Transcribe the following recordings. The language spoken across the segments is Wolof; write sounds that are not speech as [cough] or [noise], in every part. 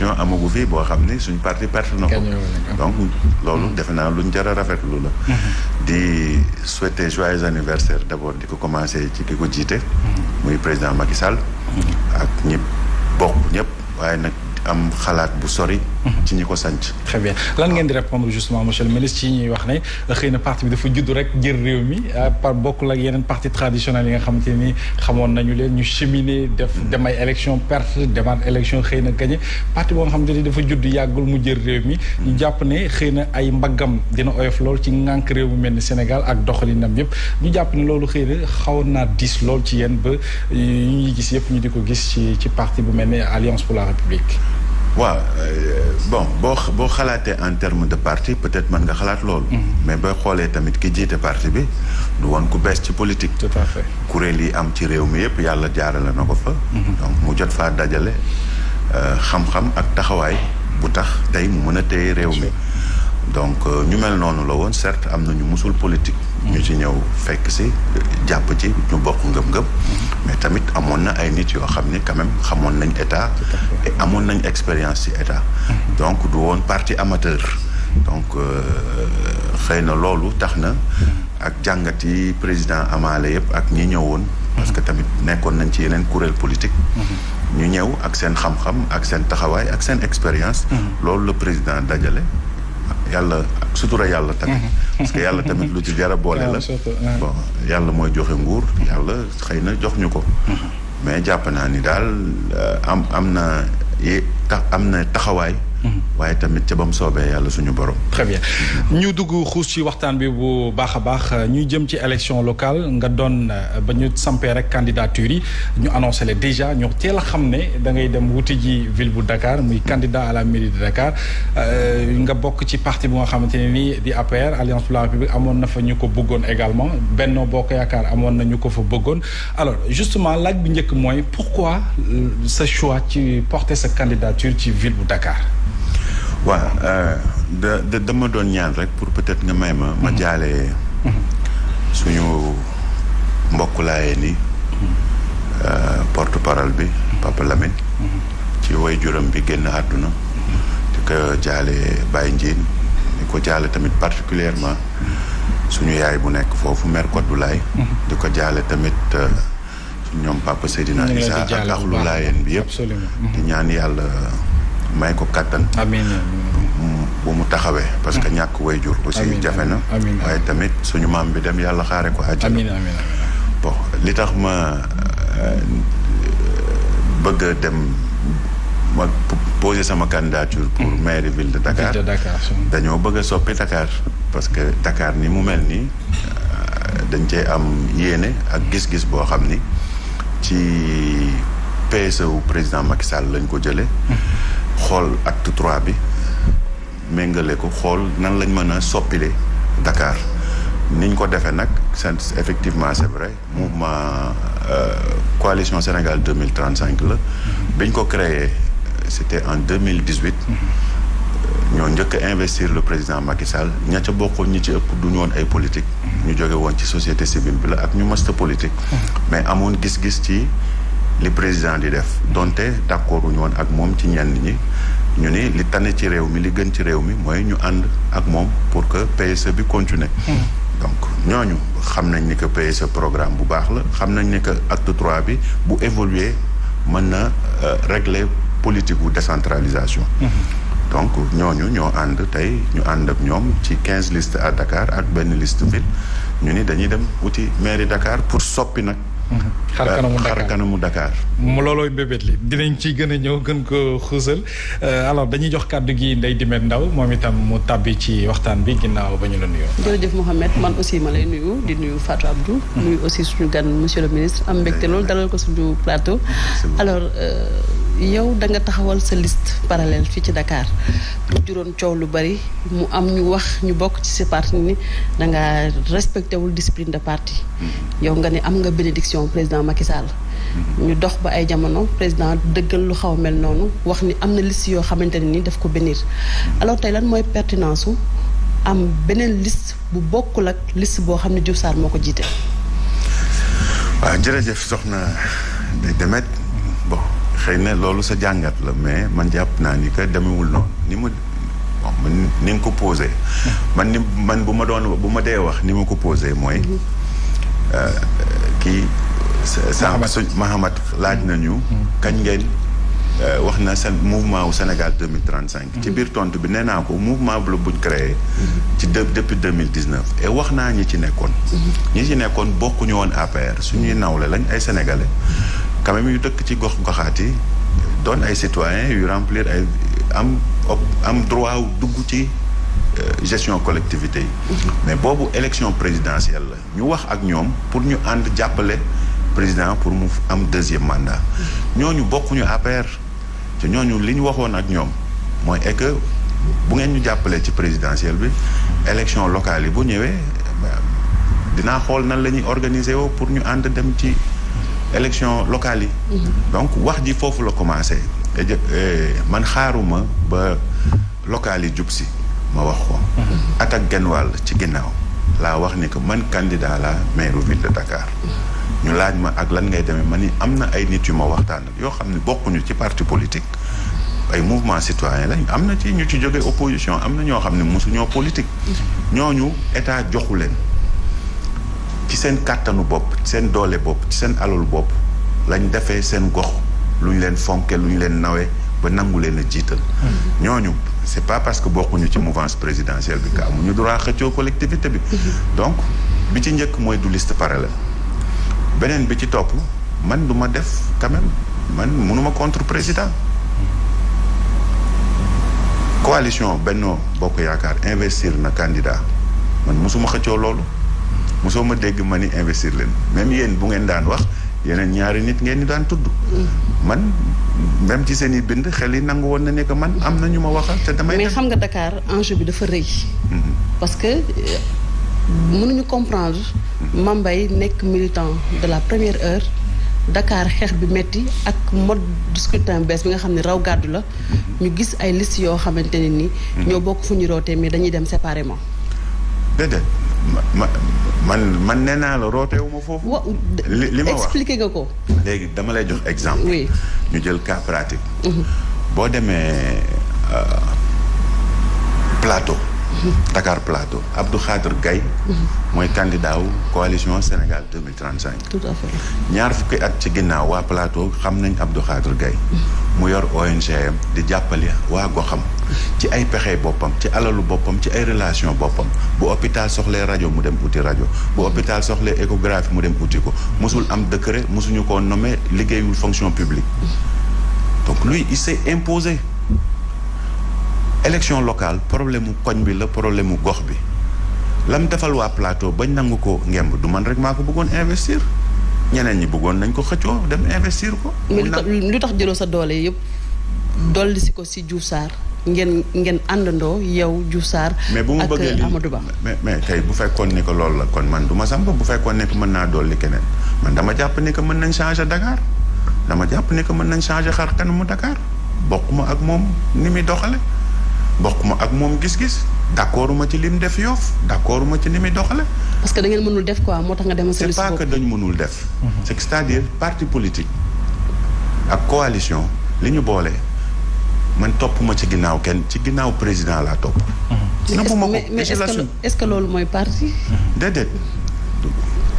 élection amagu fi boo xam ni suñ parti perte na ko donc loolu defe naa luñ jar a rafetlu la mhm. di souhaiter joyeux anniversaire d'abord di ko commencer ci ki ko jiite mhm. muy président Macky Sall mhm. ak ñi bokk ñëpp waaye nag am xalaat bu sori. Mhm. ci ñi ko sanc très bien lan ngeen di répondre justement monsieur le ministre ci ñuy wax ne xëy na parti bi dafa judd rek jël réew mi par bokkul ak yeneen parti traditionnel yi nga xamante ni xamoon nañu leen ñu cheminer def mhm. demay élection perte demaat élection xëy na gagné parti boo nga xamante ni dafa judd yàggul mu jël réew mi ñu mhm. jàpp ne xëy na ay mbaggam dina oyof lool ci ŋànk réew mu mel ni Sénégal ak doxalinam yëpp ñu jàpp ne loolu xëy na xawoon naa diis lool ci yéen ba ñu gis yëpp ñu di ko gis ci ci parti bu mel ne Alliance pour waaw euh, bon boo boo xalaatee en terme de parti peut-être mën nga xalaat loolu. Mhm. mais booy xoolee tamit ki jiite parti bi du woon ku bees ci politique. tout kuréel yi am ci réew mi yëpp yàlla jaarale na ko fa. Mhm. donc mu jot faa dajale euh, xam-xam ak taxawaay bu tax tey mu mën a téye réew mi. donc euh, ñu mel noonu la woon certes am na ñu musul politique. ñu ci ñëw fekk si jàpp ci ñu bokk ngëm-ngëm. mais tamit amoon na ay nit yoo xam ne quand xamoon nañ état. amoon nañ expérience ci état. donc du woon parti amateur. donc euh, xëy na loolu tax na. ak jàngat yi président amaale yëpp ak ñi ñëwoon. parce que tamit nekkoon nañ ci yeneen kuréel politique. ñu ñëw ak seen xam-xam ak seen taxawaay ak seen expérience. Mhm. loolu la président dajale. yàlla sutura yàlla tamit. Mhm. parce yàlla tamit lu ci jara boole la. [laughs] yàlla mooy joxe nguur yàlla xëy na jox ñu ko. Mhm. mais jàpp naa ni daal euh, am am na tax am na taxawaay. Mhm. waaye tamit ca bam soobee yàlla suñu borom. très bien ñu dugg xuus ci waxtaan bi bu baax a baax ñuy jëm ci élection locale nga doon euh, ba ñu sampee rek candidature yi ñu annoncé le déjà ñu teel a xam ne da ngay dem wuti ji ville bu Dakar muy candidat à la mairie de Dakar euh, nga bokk ci partie bu nga xamante ne nii di APR Alliance pour la République amoon na fa ñu ko bëggoon également Benno Bokk Yaakaar amoon na ñu ko fa bëggoon alors justement laaj bi njëkk mooy pourquoi sa euh, choix ci porter sa candidature ci ville bu Dakar. waa da da dama doon ñaan rek pour peut-être nga may ma. ma mhm. jaale mhm. suñu mbokk laayee ni mhm. euh, porte parole bi Papa Lamine. ci way juram bi génn àdduna. di ko jaale Baye Ndiène. di ko jaale tamit particulièrement suñu yaay bu nekk foofu mère Kodou Laye. di ko jaale tamit. Euh, ñoom papa Seydina Issa ak axlu laayeen bi yëpp di ñaan yàlla may ko kàttan amiin bu mu taxawee parce que ñàkk way jur aussi jafe na waaye tamit suñu maam bi dem yàlla xaare ko àjjana bon li tax ma euh, bëgg dem ma poser sama candidature pour mm. maire ville de Dakar dañoo bëgg a soppi Dakar parce que Dakar ni mu mel nii euh, dañ cee am yéene ak gis-gis boo xam ni ci PSE wu président Macky Sall lañ ko jëlee mm-hmm. xool acte trois bi méngale ko xool nan lañ mën a soppile Dakar niñ ko defee nag seen effectivement c'est vrai mouvement euh, coalition Sénégal 2035 la biñ ko créé c'était en 2018 ñoo njëkk investir le président Macky Sall ña ca bokkoon ñi ci ëpp du ñu ay politique ñu jóge woon ci société civile bi la ak ñu mësta politique mmh. mais amoon gis-gis ci li président di def donte d'accord wuñu woon ak moom ci ñenn ñi ñu ni li tane ci réew mi li gën ci réew mi mooy ñu ànd ak moom pour que PSE bi continue hmm. donc ñooñu xam nañ ni que PSE programme bu baax la xam nañ ni que acte trois bi bu évoluer mën na euh, réglé politique wu décentralisation hmm. donc ñooñu ñoo ànd tey ñu ànd ak ñoom ci quinze listes à Dakar ak benn liste ville ñu ni dañuy dem wuti mairie Dakar pour soppi nag xar kanamu Dakar xar kanamu Dakar. mu mm. loolooy mbébét li dinañ ci gën a ñëw gën ko xuusal euh, alors dañuy jox kàddu gi Ndeye Dimet Ndaw moom itam mu tàbbi ci waxtaan bi ginnaaw ba ñu la nuyoo. jërëjëf Mouhamed man aussi ma lay nuyu di nuyu Fatou Abdou. Mm. nuyu aussi suñu gan monsieur le ministre am mbégte loolu dalal ko suñu plateau. alors. Euh, yow da nga taxawal sa list parallèle fii ci dakaar mu juróon coow lu bari mu am ñu wax ñu bokk ci si parti ni da nga respecté wul discipline de parti. Mm-hmm. yow nga ne am nga bénédiction président Macky Sall. Mm-hmm. ñu dox ba ay jamono président dëggal lu xaw a mel noonu wax ni am na liste yoo xamante ne ni daf ko bénir mm-hmm. alors tey lan mooy pertinence su am beneen liste bu bokkul ak liste boo xam ne Diouf Sarr moo ko jiite. waaw ah, jërëjëf soxna Demet xëy na loolu sa jàngat la mais man jàpp naa ni que demewul noonu ni ma bon man ni ko posé man ni bu ma doon bu ma dee wax ni ma ko posé mooy mhm. euh, kii sa su Mahamat laaj nañu mhm. kañ ngeen euh, wax na seen mouvement wu Sénégal 2035 mhm. ci biir tontu bi nee naa ko mouvement bu la buñ créé ci depuis 2019 et wax naa ñi ci nekkoon ñi ci nekkoon bokkuñu woon su ñuy nawle lañ ay sénégalais quand même yu dëkk ci gox-goxaat yi doon ay citoyens yu remplir ay am am droit wu dugg ci euh, gestion collectivité yi. Mm-hmm. mais boobu élection présidentielle la ñu wax ak ñoom pour ñu ànd jàppale président pour mu am deuxième mandat. Mm-hmm. ñooñu bokkuñu APR te ñooñu li ñu waxoon ak ñoom mooy est que bu ngeen ñu jàppalee ci présidentielle bi élection locale yi bu ñëwee dinaa xool nan la ñuy organiser woo pour ñu ànd dem ci. élection locale yi. Mhm. donc wax ji foofu la commencé. Eh, man xaaruma ba locale yi jub si ma wax ko. Mhm. at ak genn wàll ci ginnaaw laa wax ni que man candidat la maire ville de Dakar. Mhm. ñu laaj ma ak lan ngay demee ma ni am na ay nit yu ma waxtaanal yoo xam ne bokkuñu ci parti politique. ay mouvement citoyen lañ am na ci ñu ci jóge opposition am na ñoo xam ne mosuñoo politique. ñooñu état joxu leen. ci seen kàttanu bopp ci seen doole bopp ci seen alalu bopp lañ defee seen gox lu ñu leen fonke lu ñu leen nawee ba nangu leen jiital hmm. ñooñu c'est pas parce que bokkuñu ci mouvance présidentielle bi ñu amuñu droit xëccoo collectivité bi hmm. donc bi ci njëkk mooy du liste parallèle beneen bi ci topp man du ma def quand man mënuma contre président coalition Benno Bokk Yaakaar investir na candidat man mosuma xëccoo loolu mosoo ma dégg ma ni investir leen même yéen bu ngeen daan wax yeneen ñaari nit ngeen ni daan tudd. man même ci seen bind xel yi nangu woon na nekk man am na ñu ma waxal te damay. mais xam nga dakaar enjeu bi dafa rëy. Mm-hmm. parce que euh, mënuñu comprendre. Mm-hmm. mbay nekk militant de la première heure. dakaar xeex bi metti ak mode de bees bi nga xam ne raw gàddu la mm-hmm. ñu gis ay liste yoo xamante ne ni. ñoo bokk fu ñu rootee mais dañuy dem séparément. déedéet ma man man nee naa la rooteewu ma foofu. li ma wax expliqué nga ko. léegi dama lay jox exemple. ñu jël cas mhm. boo demee euh, plateau. Dakar Plateau Abdou Khader Gaye mooy candidat wu coalition Sénégal 2035 tout à ñaar fukki at ci ginnaaw waa Plateau xam nañ Abdou Khader Gaye mu yor ONGM di jàppale waa goxam ci ay pexe boppam ci alalu boppam ci ay relation boppam bu hôpital soxlee rajo mu dem uti rajo bu hôpital soxlee échographie mu dem uti ko mosul am décret mosuñu ko nommé liggéeyul fonction publique donc lui il imposé élection locale problème mu koñ bi la problème mu gox bi lam defal waa plateau bañ nangu ko ngemb du man rek maa ko bëggoon investir ñeneen ñi bëggoon nañ ko xëccoo dem investir ko. mais lu tax jëloo sa doole yëpp dolli si ko si Diouf Sarr ngeen ngeen àndandoo yow Diouf Sarr. mais bu ma bëggee euh, Amadou Ba mais mais tey bu fekkoon ni que loolu la kon man du ma bu fekkoon ni mën naa dolli keneen man dama jàpp ni que mën nañ changer Dakar dama jàpp ni que mën nañ changer xar kanamu Dakar bokkuma ak moom ni muy doxale bokk ma ak moom gis-gis d' accord ma ci lim def yoof d' accord ma ci ni muy doxale parce que da ngeen mënul def quoi moo tax nga dem. c' est pas que dañu mënul def. c' est à parti politique ak coalition li ñu boole man topp ma ci ginnaaw kenn ci ginnaaw président laa topp. Mhm. nëbbu ma ko mais est ce que loolu mooy parti. Mhm. déedéet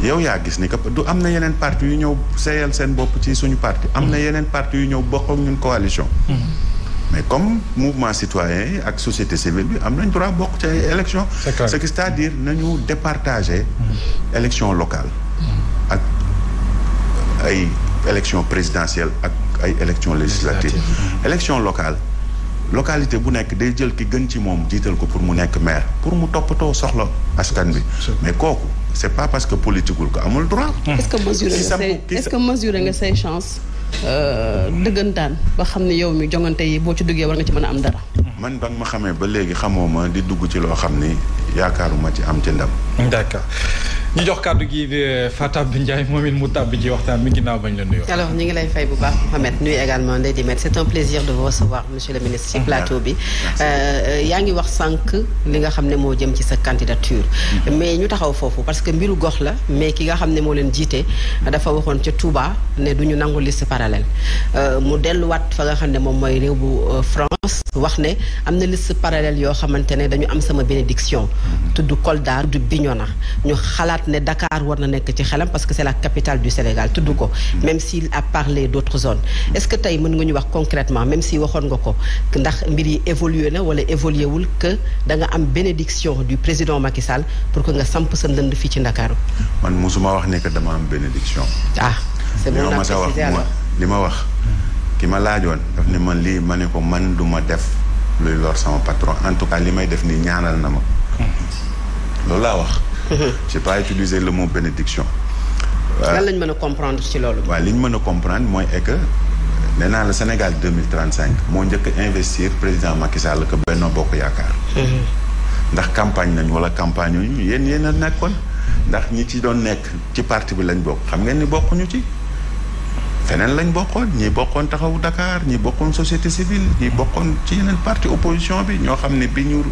yow yaa gis ni que du am na yeneen parti yu ñëw seeyal seen bopp ci suñu parti. am na mhm. yeneen parti yu ñëw bokk ak ñun coalition. mais comme mouvement citoyen yi ak société civile bi am nañ droit bokk ci ay élection ce qui c'est-à-dire nañu départager élection locale mm-hmm. ak ay élection présidentielle ak ay élection législative élection locale localité bu nekk day jël ki gën ci moom jiital ko pour mu nekk maire pour mu toppatoo soxla askan bi mais kooku c'est pas parce que politique wul ko amul droit est-ce que mesuré nga say nga say chance Euh, dëggantaan ba xam ne yow mi jongante yi boo ci duggee war nga ci mën a am dara. man ba nga ma xamee ba léegi xamoo ma di dugg ci loo xam ni yaakaaruma ci am ci ndam. d'accord. ñu jox kàddu gi de euh, Fatou Abdou moom it mu tàbbi ji waxtaan bi ginnaaw bañ la nuyoo. alors ñu ngi lay fay bu baax Mohamed nuyu également Ndeye Dimet c'est un plaisir de vous recevoir monsieur le ministre. ci plateau bi euh, yaa ngi wax sànq li nga xam ne moo jëm ci sa candidature. Mm-hmm. mais ñu taxaw foofu parce que mbiru gox la mais ki nga xam ne moo leen jiite dafa waxoon ca Touba ne du ñu nangu liste parallèle euh, mu delluwaat fa nga xam ne moom mooy réew bu France wax ne am na liste parallèle yoo xamante ne dañu am sama bénédiction. Mm-hmm. tudd Kolda tudd Bignona ñu xalaat. ne Dakar war na nekk ci xelam parce que c'est la capitale du Sénégal tudd ko même s'il a d'autres zones est-ce que tey mën nga ñu wax concrètement même si waxoon nga ko ndax mbir yi évolué na wala évolué wul que da nga am bénédiction du président Macky Sall pour que nga samp sa ndënd fii ci Ndakaaru man musuma wax ne que dama am bénédiction ah c'est bon ma sa li ma wax ki ma laajoon daf ne man lii ma ne ko man du ma def luy lor sama patron en tout cas li may def nii ñaanal na ma hmm. loolu [laughs] j'ai pas utilisé le mot bénédiction. Euh, lan lañ mën a comprendre ci loolu. li ñu mën a comprendre mooy est que nee naa la Sénégal deux mille trente cinq moo njëkk a investir président Macky ko que Benno Bokk Yaakaar. [laughs] ndax campagne nañu wala campagne ñu yéen yéen a nekkoon. ndax ñi ci doon nekk ci parti bi lañ bokk xam ngeen ni bokkuñu ci. feneen lañ bokkoon ñi bokkoon taxawu Dakar ñi bokkoon société civile ñi bokkoon ci yeneen parti opposition bi ñoo xam ne bi ñu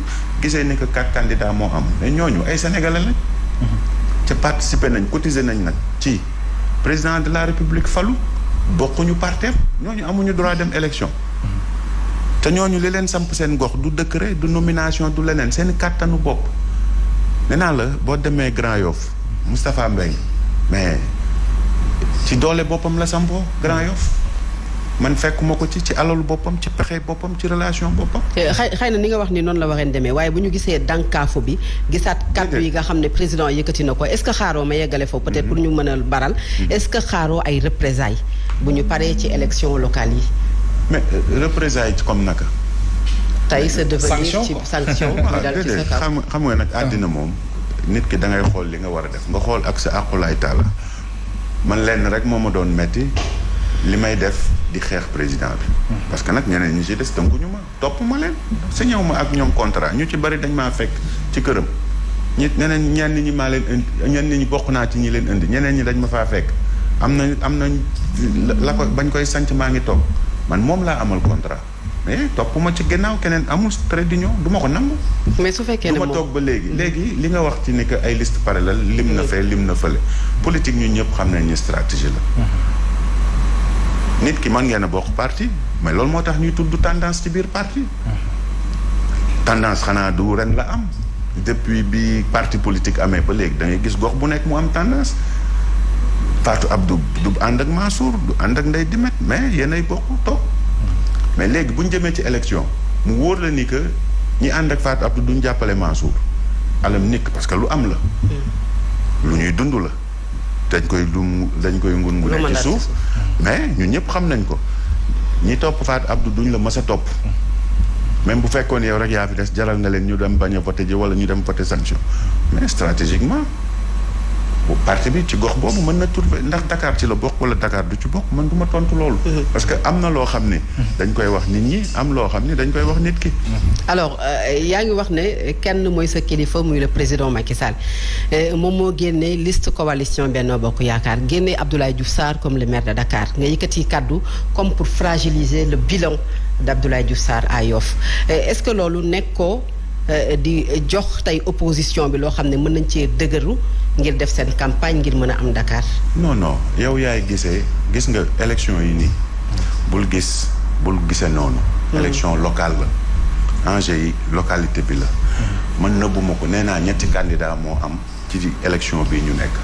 gisee ni que quatre candidats moo am mais ñooñu ay sénégalais lañ. ca mhm. participer nañ cotiser nañ nag ci président de la république falu bokkuñu parteem ñooñu amuñu droit dem élection. Mhm. te ñooñu li leen samp seen gox du décret du nomination du leneen seen kàttanu bopp nee naa la boo demee Grand Yoff Moustapha Mbengue mais. ci doole boppam la sampoo Grand Yoff man fekkuma ko ci ci alalu boppam ci pexe boppam ci relation boppam. Eh, xay xëy na ni nga wax ni noonu la waxee demee waaye bu ñu gisee dànkaafu bi gisaat kàddu yi nga xam ne président yëkkati na ko est-ce que xaaroo ma yeggale foofu peut-être pour ñu mën a baral mm-hmm. est-ce que xaaroo ay représailles bu ñu paree ci élection locale yi mais euh, représailles comme naka tey sa devenir ci sanction ñu [laughs] dal ci ah, sa kaw xam nga nag àddina moom nit ki da ngay xool li nga war a def nga xool ak sa àqulaay man lenn rek moo ma doon metti li may def di xeex président bi. parce que nag ñeneen ñi ci des tënkuñu ma topp ma leen. si ñëw ma ak ñoom contrat ñu ci bari dañ maa fekk ci këram ñi ñeneen ñenn ñi maa leen indi ñenn ñi bokk naa ci ñi leen indi ñeneen ñi dañ ma faa fekk am nañ am nañ la ko bañ koy sanc maa ngi toog man moom laa amal contrat. mais topp ma ci gannaaw keneen amul trait d'union du ma ko nangu. mais su fekkee ne moom du ma toog ba léegi. Mm. léegi li nga wax ci ni que ay liste parallèle lim na mm. fee lim na fële. politique ñu ñëpp xam nañ ñu stratégie la. Mm-hmm. nit ki mën ngeen a bokk parti mais loolu moo tax ñuy tudd tendance ci biir parti. Mm-hmm. tendance xanaa du ren la am. depuis bi parti politique amee ba léegi da ngay gis gox bu nekk mu am tendance. Fatou ab du ànd ak Mansour du ànd ak Ndeye Dimet mais yéenay bokk toog. mais léegi bu ñu jëmee ci élection mu wóor la ni que ñi ànd ak Fatou Abdou duñ jàppale Mansour alam nikk parce que lu am la. lu ñuy dund la. dañ koy du dañ koy ngun ngune ci suuf mais ñun ñëpp xam nañ ko ñi topp Fatou Abdou duñ la mës a topp. mais bu fekkoon yow rek yaa fi des jaral na leen ñu dem bañ a voté ji wala ñu dem voté sanction mais stratégiquement. parti bi ci gox boobu mën na trouver ndax Dakar ci la bokk wala Dakar du ci bokk man du ma tontu loolu. Mhm. parce que am na loo xam ne. Mhm. dañ koy wax nit ñi am loo xam ne dañ koy wax nit ki. Mhm. alors euh, yaa ngi wax ne kenn mooy sa kilifa muy le président Macky Sall euh, moom moo génne liste coalition benn Bokk Yaakaar génnee Abdoulaye Diouf Sarr comme le maire de Dakar nga yëkkati kàddu comme pour fragiliser le bilan d' Abdoulaye Diouf Sarr à Yoff euh, est ce que loolu nekkoo di jox tey opposition bi loo xam ne mën nañ cee dëgëru. ngir def seen campagne ngir mën a am Dakar. non non yow yaay gisee gis nga élection yi nii bul gis bul gisee noonu. Hmm. élection locale la enjeu yi localité bi la. mën hmm. nëbbuma ko nee naa ñetti candidat moo am ci élection bi ñu nekk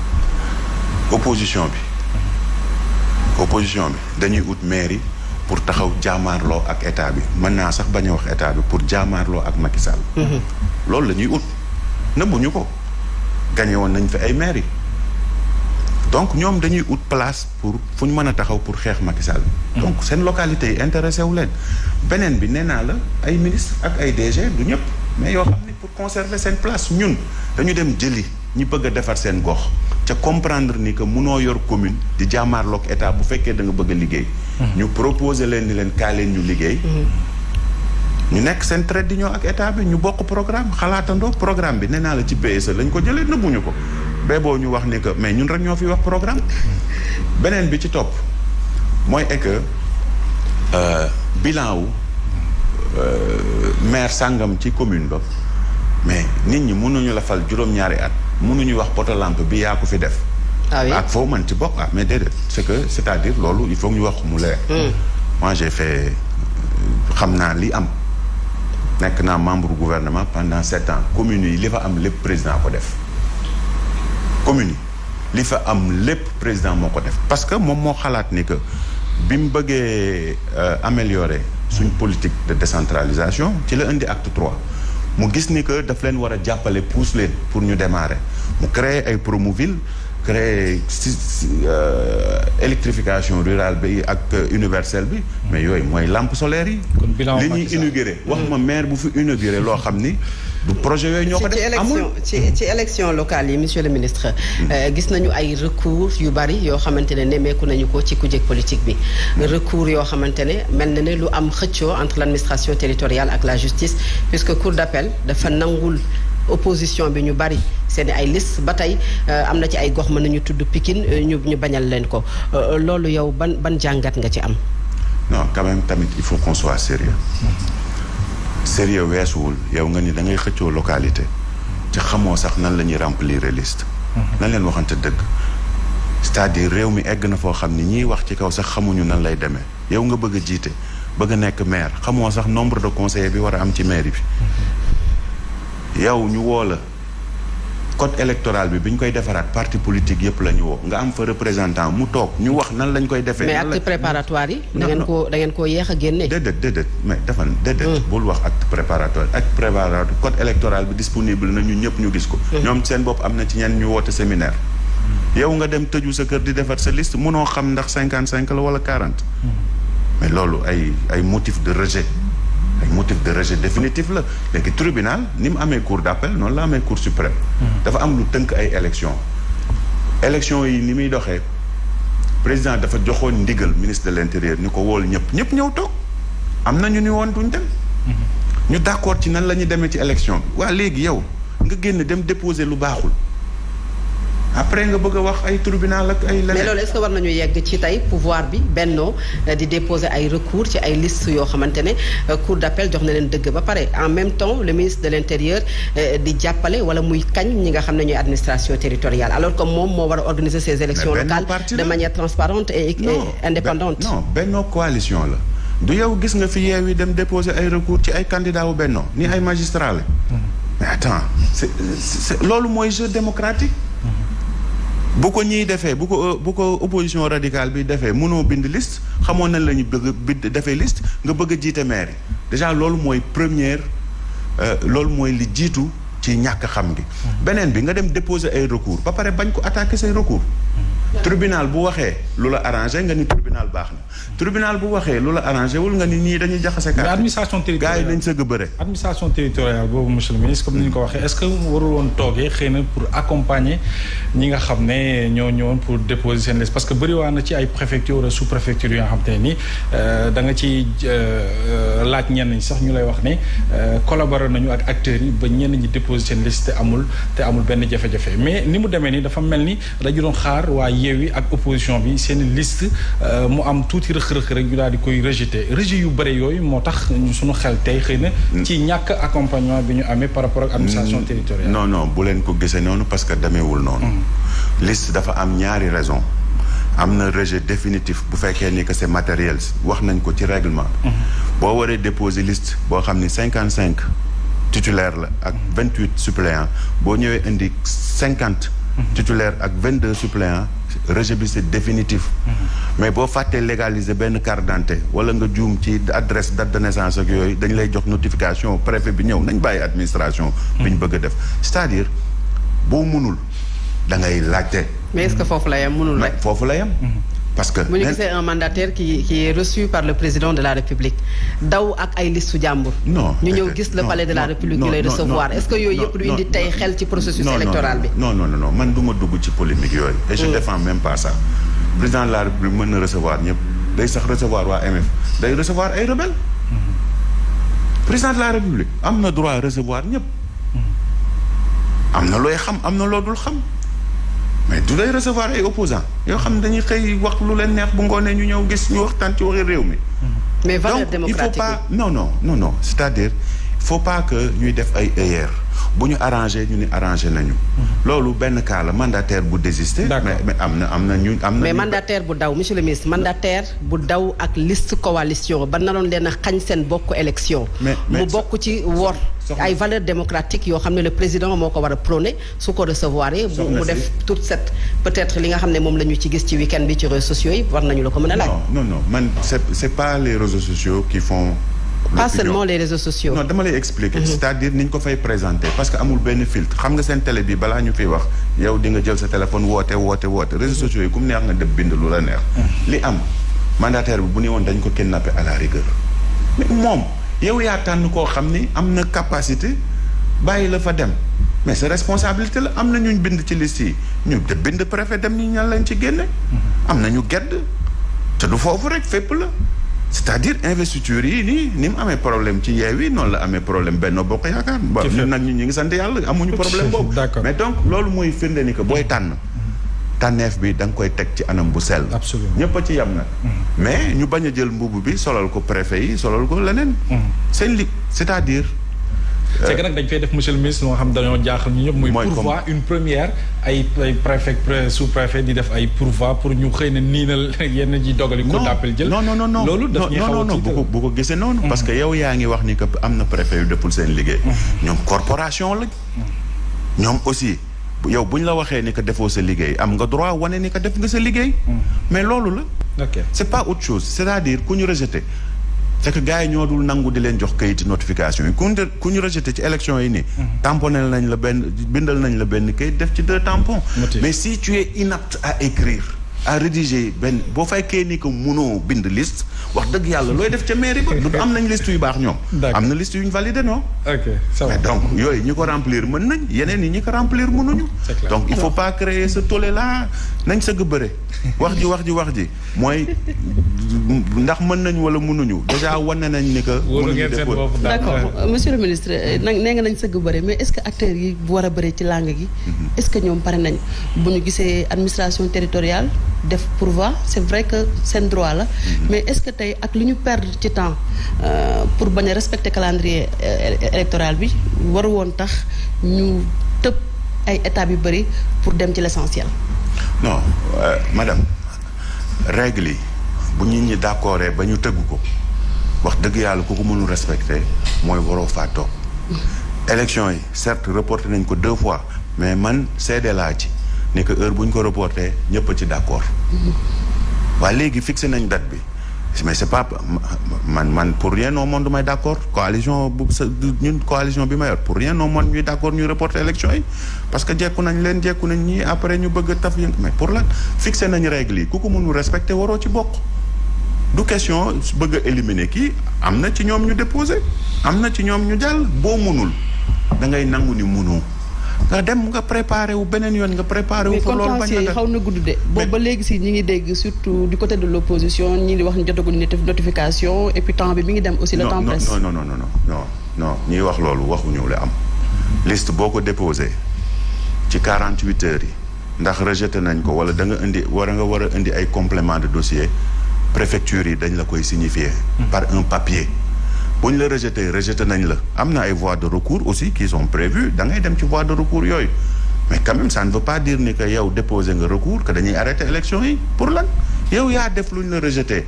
opposition bi. opposition bi dañuy ut mairie pour taxaw jaamaarloo ak état bi mën naa sax bañ a wax état bi pour jaamaarloo ak Macky Sall. Hmm. loolu ut nëbbuñu ko. gagné woon nañ fi ay maires donc ñoom dañuy ut place pour fu ñu mën a taxaw pour xeex Macky Sall. donc mm-hmm. seen localité yi intéressé wu leen. beneen bi nee naa la ay ministre ak ay DG du ñëpp mais yoo xam ne pour conserver seen place ñun dañu dem jëli ñi bëgg defar seen gox ca comprendre ni que noo yor commune di jàmmaarloog état bu fekkee da nga bëgg liggéey. Mm-hmm. ñu proposer leen ni leen kaa ñu liggéey. Mm-hmm. ñu nekk seen trait d'union ak état bi ñu bokk programme xalaatandoo programme bi nee naa la ci PSE lañ ko jëlee nëbbuñu ko ba boo ñu wax ne que mais ñun rek ñoo fi wax programme beneen bi ci topp mooy est que euh, bilan wu euh, maire sàngam ci commune ba mais nit ñi mënuñu la fal juróom-ñaari at mënuñu wax poto lampe bi yaa ko fi def. Ah ak foo mën ci bokk ah mais déedéet ce que c'est-à-dire loolu il faut ñu wax mu leer. Mm. moi j'ai euh, xam naa li am. nekk naa membre gouvernement pendant sept ans communes yi li fa am lépp président ko def communes yi li fa am lépp président moo ko def parce que moom moo xalaat ni que bi mu bëggee euh, améliorer suñ politique de décentralisation ci la indi acte trois mu gis ni que daf leen war a jàppale pousse leen pour ñu démarrer mu créer ay promoville créer euh, électrification rurale bi ak euh, universelle bi mais yooyu mooy lampes solaire yi li ñuy inauguré wax ma mm. maire bu fi inauguré loo xam ni du projet yooyu ñoo ko def amul ci ci élection locale yi monsieur le ministre mm. euh, gis nañu ay recours yu bari yoo xamante ne nemmeeku nañu ko ci kujeg politique bi mm. recours yoo xamante ne mel na ne lu am xëccoo entre l'administration territoriale ak la justice puisque cour d'appel dafa nangul opposition bi ñu bari seen ay list ba tey euh, am na ci ay gox ma nañu tudd Pikine euh, ñu ñu bañal leen ko euh, loolu yow ban ban jàngat nga ci am. non quand tamit il faut qu'on soit sérieux sérieux weesuwul yow nga ni da ngay xëccoo localité ci xamoo sax nan la ñuy remplir na nan leen waxante dëgg. cest à réew mi egg na foo xam ni ñiy wax ci kaw sax xamuñu nan lay demee yow nga bëgg a jiite bëgg nekk maire xamoo sax nombre de conseillers bi war a am ci mairie bi. yow ñu woo la code électoral bi bi ñu koy defaraat parti politique yëpp la ñu woo nga am fa représentant mu toog ñu wax nan lañ koy defee. mais acte préparatoire yi. da ngeen koo da ngeen koo yéex a génne. déedéet déedéet mais dafa déedéet. bul wax acte préparatoire acte préparatoire code électoral bi disponible na ñu ñëpp ñu gis ko. ñoom seen bopp am na ci ñenn ñu woote séminaire. yow nga dem tëju sa kër di defar sa list mënoo xam ndax cinquante cinq la wala quarante. mais loolu ay ay motif de rejet. ay motif de rejet définitif la léegi tribunal ni mu amee cour d'appel noonu la amee cour suprême dafa am lu tënk ay élection élection yi ni muy doxee président dafa joxoon ndigal ministre de l'intérieur ni ko wool ñëpp ñëpp ñëw toog am na ñu ni woon duñ dem mhm. ñu d'accord ci nan la ñuy demee ci élection bi waa léegi yow nga génn dem déposer lu baaxul après nga bëgg a wax ay tribunal ak ay leneen mais loolu euh, yoo xamante ne euh, cour na leen dëgg ba pare en même temps euh, wala muy ñi nga xam ne ñooy administration territoriale alors que moom moo war a organiser ces élections locales de manière transparente et indépendante non bennoo coalition la du yow gis nga fi hmm. mooy jeu démocratique bu ko ñiy defee bu ko bu ko opposition radicale bi defee mënoo bind liste xamoon nañ la ñu bëgg bind defee liste nga bëgg a jiite maire yi déjà loolu mooy première euh, loolu mooy li jiitu ci ñàkk xam gi beneen bi nga dem déposer ay recours ba pare bañ ko attaquer say recours mm-hmm. tribunal bu waxee lu la arrangé nga ni tribunal na. tribunal bu waxee lu la arrangé wul nga ni nii dañuy jaxase. mais administration territoriale administration territoriale boobu monsieur ministre comme ni ko waxee est ce que warul toogee xëy na pour accompagner ñi nga xam ne ñoo ñëwoon pour déposer seen liste parce que bëri waa na ci ay préfecture wala sous préfecture yoo xam ne nii euh, da nga ci euh, laaj ñenn ñi sax ñu lay wax ne euh, collaborer nañu ak acteurs yi ba ñenn ñi déposer seen liste te amul te amul benn jafe-jafe mais ni mu demee nii dafa mel ni dañu doon xaar waa Yewwi ak opposition bi seen liste. mu am tuuti rëq-rëq rek ñu daal di koy rejeté rejet yu bëri yooyu moo tax ñu suñu xel tey xëy na. ci ñàkk accompagnement bi ñu amee par rapport ak administration mm. territoriale. non non bu leen ko gisee noonu parce que demeewul noonu. Mm. liste dafa am ñaari raison am na rejet définitif bu fekkee ni que c'est matériel wax nañ ko ci règlement. Mm-hmm. boo waree déposer liste boo xam ni cinquante cinq titulaire la ak mm-hmm. vingt huit suppléants boo ñëwee indi cinquante. Mm-hmm. titulaire ak vingt deux suppléants. rejet bi c'est mm-hmm. mais boo fàttee légaliser benn carte d'identité wala nga juum ci adresse date de naissance ak yooyu dañ lay jox notification préfet bi ñëw nañ bàyyi administration. bi ñu bëgg a def c'est-à-dire boo mënul da ngay laajte. mais est-ce foofu la yem mënul rek. foofu la yem. Mm-hmm. parce que bu ñu gisee un mandataire qui qui est reçu par le président de la république daw ak ay listu jàmbur. non ñu ñëw gis le palais de la république. ñu lay recevoir est ce que yooyu yëpp du indi tey xel ci processus électoral bi. non non non man du ma dugg ci polémique yooyu. et je mm. défends même pas ça. président de la république mën na recevoir ñëpp day sax recevoir waa MF day recevoir ay rebelle mm-hmm. président de la république am na droit résevoir ñëpp. Mm-hmm. am na looy xam am na loo xam. mais du lay recevoir ay opposants yoo xam ne dañuy xëy wax lu leen neex bu ngoonee ñu ñëw gis ñu waxtaan ci waxee réew mi. mais valeur démocratique donc il faut pas non non non non c'est-à-dire que ñuy def ay erreur bu ñu arrangé ñu ni arrangé nañu. Mm-hmm. loolu benn kaala la mandataire bu désisté. mais mais am na am na ñu am na. mais mandataire bu daw monsieur le ministre mandataire bu daw ak liste coalition ba naroon leen a xañ seen bokk élection. mu bokk ci wor. ay valeurs démocratiques yoo xam ne le président moo ko war a prôné su ko recevoir bu mu def toute cette peut être li nga xam ne moom la ñu ci gis ci week-end bi ci réseaux sociaux yi war nañu la ko mën a laaj non non man c'est c'est pas les réseaux sociaux qui font pas seulement les réseaux sociaux non dama lay expliquer mhm. c'est-à-dire ni ñu ko fay présenter parce que amul benn filtre xam nga seen télé bi balaa ñu fiy wax yow di nga jël sa téléphone woote woote woote réseaux mhm. sociaux yi neex nga dëb bind lu neex mhm. li am mandataire bu ne woon dañ ko kidnappé à la moom yow yaa tànn koo xam ni am na capacité bàyyi la fa dem mais sa responsabilité la am na ñu bind ci liste yi ñu de bind préfet dem ni ñal lañ ci génne. am na ñu gedd te du foofu rek fépp la. c'est-à-dire investiture yi nii ni mu amee problème ci Yewwi noonu la amee problème Benno Bokk Yaakaar. ci nag ñu ngi sant yàlla amuñu problème [laughs] boobu. mais donc loolu mooy firnde ni que booy tànn. tànneef bi da nga koy teg ci anam bu sell. absolument a ci yam nag. Mm-hmm. mais ñu bañ a jël mbubb bi solal ko préfet yi solal ko leneen. Mm-hmm. seen lig c'est-à-dire. Euh, c'est que nag dañ fay def monsieur le ñëpp. mooy pourvoi une première ay ay préfet sous préfet pour ñu xëy na nii na [laughs] yenn ji dogali. ko d'appel jël non non non non loolu daf ñuy xaw non bu ko gisee noonu. Mm-hmm. parce que yow yaa ngi wax ni que am na préfet yu dëppul seen liggéey. ñoom corporation la. ñoom aussi. yow bu ñu la waxee ni que defoo sa liggéey am nga droit wane ni que def nga sa liggéey. Mm. mais loolu la. ok c'est pas autre chose c'est-à-dire ku ñu rejeté. c'est que yi ñoo dul nangu di leen jox kayiti notification yi ku ñu ku ñu rejeté ci élection yi nii. Mm-hmm. tamponel nañ la benn bindal nañ la benn kayit def ci deux tampons. mais si tu es inapte à écrire. à rédiger benn boo fekkee ni que munoo bind list wax dëgg yàlla looy def ca mairie ba du am nañ liste yu baax ñoom am na list yu ñu validé non ok ça yooyu ñi ko remplir mën nañ yeneen yi ñi ko remplir mënuñu donc il faut pas créer ce tollé là nañ sëgg bëre wax ji wax ji wax ji mooy ndax mën nañ wala mënuñu déjà wane nañ ni que mënuñu def d'accord monsieur le ministre euh, nag nañ sëgg bëre mais est-ce que acteurs yi bu war a bëre ci làng gi mhm. est-ce que ñoom pare nañ bu ñu gisee administration territoriale def pourvoi c' est vrai que seen droit la mhm. mais est ce que tey ak lu ñu perdre ci temps euh, pour bañ a respecter calendrier euh, électoral bi waru woon tax ñu tëb ay étapes yu bëri pour dem ci l' essentiel non euh, madame règle yi bu ñu ñi d' accord ba ñu tëgg ko wax dëgg yàlla ku ko mënul respecter mooy waroo faa toog mhm. élection yi certes reporté nañ ko deux fois mais man seede laa ci ne que heure bu ñu ko reporté ñëpp ci d' accord. léegi fixé nañ date bi mais c' est pas man man pour rien au monde may d' accord coalition bu sa ñun coalition bi ma yor pour rien au monde ñuy d' accord ñu reporté élection yi. parce que jekku nañ leen jekku nañ ñii après ñu bëgg a taf yëngu mais pour lan fixé nañ règle yi ku ko mënul respecté waroo ci bokk. du question bëgg éliminer kii am na ci ñoom ñu déposé am na ci ñoom ñu jàll boo mënul da ngay nangu ni mënoo. nga dem nga préparé wu beneen yoon nga préparé wu. pour loolu bañ a xaw na gudd de. boobu ba léegi si ñi ngi dégg surtout du côté de l' opposition ñi di wax ñu jotagul notification et puis temps bi mi ngi dem aussi. le temps presse non non non non ñuy wax loolu waxuñu la am. liste boo ko déposé ci quarante huit heures yi. ndax rejeté nañ ko wala da nga indi war nga war a indi ay complément de dossier préfecture yi dañ la koy signifier par un papier bu ñu la rejeté rejeté nañ la am na ay voies de recours aussi qui sont prévues da ngay dem ci voie de recours yooyu mais quand même ça ne veut pas dire ni que yow déposé nga recours que dañuy arrêté élection yi pour lan yow yaa def lu ñu la rejeté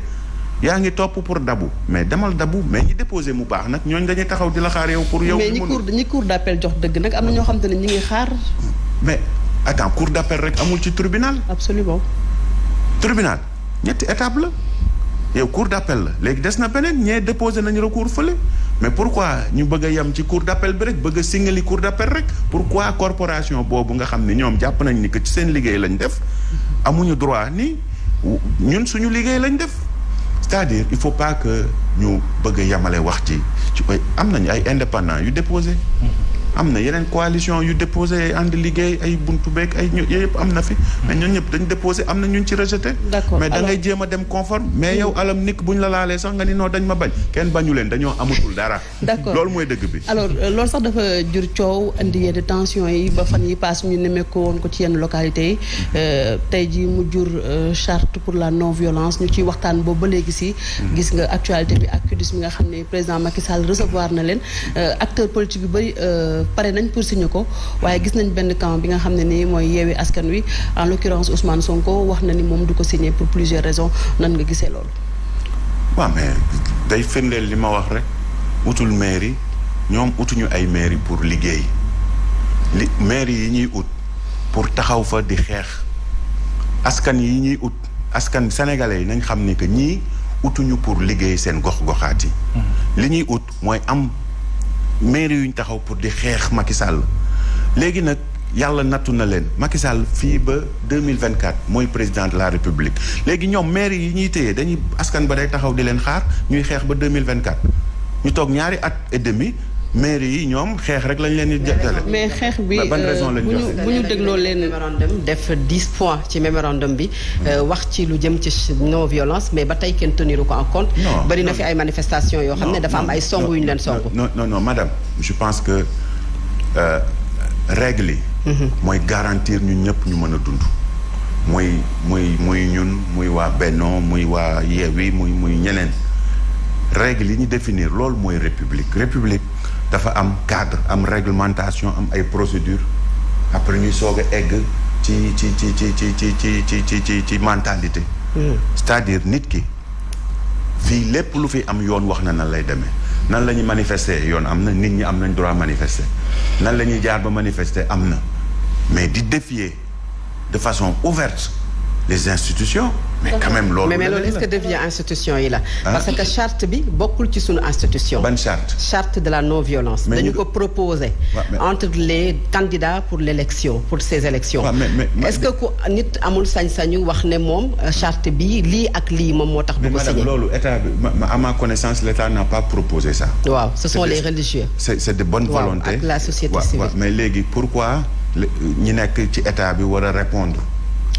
yaa ngi topp pour dabu mais demal dabu mais ñi déposé mu baax nag ñooñ dañuy taxaw di la xaar yow. pour yow mais ñi cour ñi cour d'appel jox dëgg nag am na ñoo xam te ne ñi ngi xaar. mais attends cour d'appel rek amul ci tribunal. absolument tribunal ñetti étape la. yow cour d'appel la léegi des na beneen ñee déposé nañu recours fële mais pourquoi ñu bëgg a ci cour d'appel bi rek bëgg a singali cour d'appel rek pourquoi corporation boobu nga xam ne ñoom jàpp nañ ni que ci seen liggéey lañ def amuñu droit ni ñun suñu liggéey lañ def c'est-à-dire il faut pas que ñu bëgg a wax ci ci am nañu ay indépendants yu déposé am na yeneen coalition yu déposé ànd liggéey ay bunt beeg ay ñu yëpp am na fi. mais ñëpp dañ déposé am na ñu ñu ci rejeté. d'accord mais da ngay jéem a dem conforme. mais yow mm. alam nikk la laalee sax nga ni noo dañ ma bañ kenn bañu leen dañoo amatul dara. d'accord loolu mooy dëgg bi. alors euh, loolu sax dafa jur coow indi yenn tension yi ba fan yi paas ñu woon ko ci yenn localité yi euh, tey jii mu jur euh, chart pour la non violence ñu ciy waxtaan boobu ba léegi si. Mm. gis nga actualité bi ak CUDIS mi nga xam ne président Macky Sall recevoir na leen acteur politique yu bëri. pare nañ pour signer ko waaye gis nañ benn camp bi nga xam ne ni mooy yeewi askan wi en l'occurrence Ousmane Sonko wax na ni moom du ko signer pour plusieurs raisons nan nga gisee loolu. waaw day firndeel li ma wax rek utul mairie ñoom utuñu ay mairie pour liggéey li mairie yi ñuy ut pour taxaw fa di xeex askan yi ñuy ut askan sénégalais yi nañ xam ni que ñii utuñu pour liggéey seen gox-goxaat yi. Mm-hmm. mooy am. mairie yu ñu taxaw pour di xeex Macky Sall léegi nag yàlla nattu na leen Macky fii ba deux mille vingt quatre mooy président de la république léegi ñoom mairie yi ñuy téye dañuy askan ba day taxaw di leen xaar ñuy xeex ba deux mille vingt quatre ñu toog ñaari at et demi. mairie yi ñoom xeex rek lañ leen di jotale. mais xeex bi ban euh, raison lañ joxe bu ñu dégloo leen mémorandum def dix points ci mémorandum bi. Euh, wax ci lu jëm ci non violence mais ba tey kenn teniru ko en compte. bari na fi ay manifestations yoo xam ne dafa am ay song yu ñu leen song. non non non madame je pense que euh, règle yi. Mhm. mooy garantir ñu ñëpp ñu mën a dund. mooy mooy muy ñun muy waa Benno muy waa Yewwi muy muy ñeneen règle yi ñu définir loolu mooy république république. dafa am cadre am réglementation am ay procédure après ñuy soog a egg ci ci ci ci ci ci ci ci ci ci ci mentalité cest à nit ki fii lépp lu fi am yoon wax na na lay deme nan la ñuy manifester yoon am na nit ñi am nañ droit manifester nan la ñuy jaar ba manifester am na mais di défier de façon ouverte les institutions. mais quand même loolu mais mais institution yi la. Ah. parce que charte bi bokkul ci suñu institution. ban charte charte de la non violence. dañu ko proposer. entre les candidats pour l'élection pour ces élections. est-ce que ku nit amul sañ-sañu wax ne moom euh, charte bi lii ak lii moom moo tax. du ko signé loolu état bi à ma connaissance l'État n'a pas proposé ça. waaw ce sont les religieux. c'est de bonne volonté. ak la société civile mais léegi pourquoi ñi nekk ci état bi war a répondre.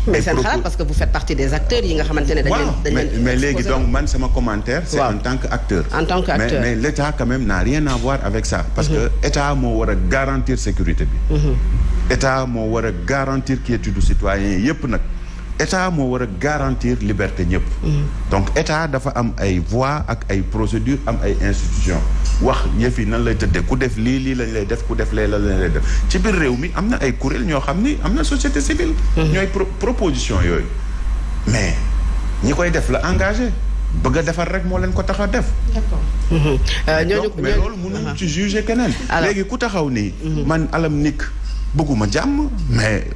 mais seen parce que vous faites partie des acteurs yi nga xamante ne. dañ leen mais léegi donc man sama commentaire. c'est en tant que acteur. en tant que acteur mais mais l'État quand même n'a rien à avec ça. parce mhm. que État moo war a garantir sécurité bi. Mhm. État moo war a garantir quiétude citoyen yépp nag. état moo war a garantir liberté ñëpp. Mm. donc état dafa am ay voies ak ay procédures am ay institutions wax yëf yi nan lay tëddee ku def lii lii lañ lay def ku def lee la lañ lay def ci biir réew mi am na ay kuréel ñoo xam ni am na société civile. Mm-hmm. ñooy proposition yooyu. mais ñi koy def la engage bëgg a defar rek moo leen ko tax a def. d'accord mm-hmm. euh, ñooñu mais loolu mënuñu ah. ci juger keneen. léegi ku taxaw nii. Mm-hmm. man alam nikk bëgguma jàmm mais.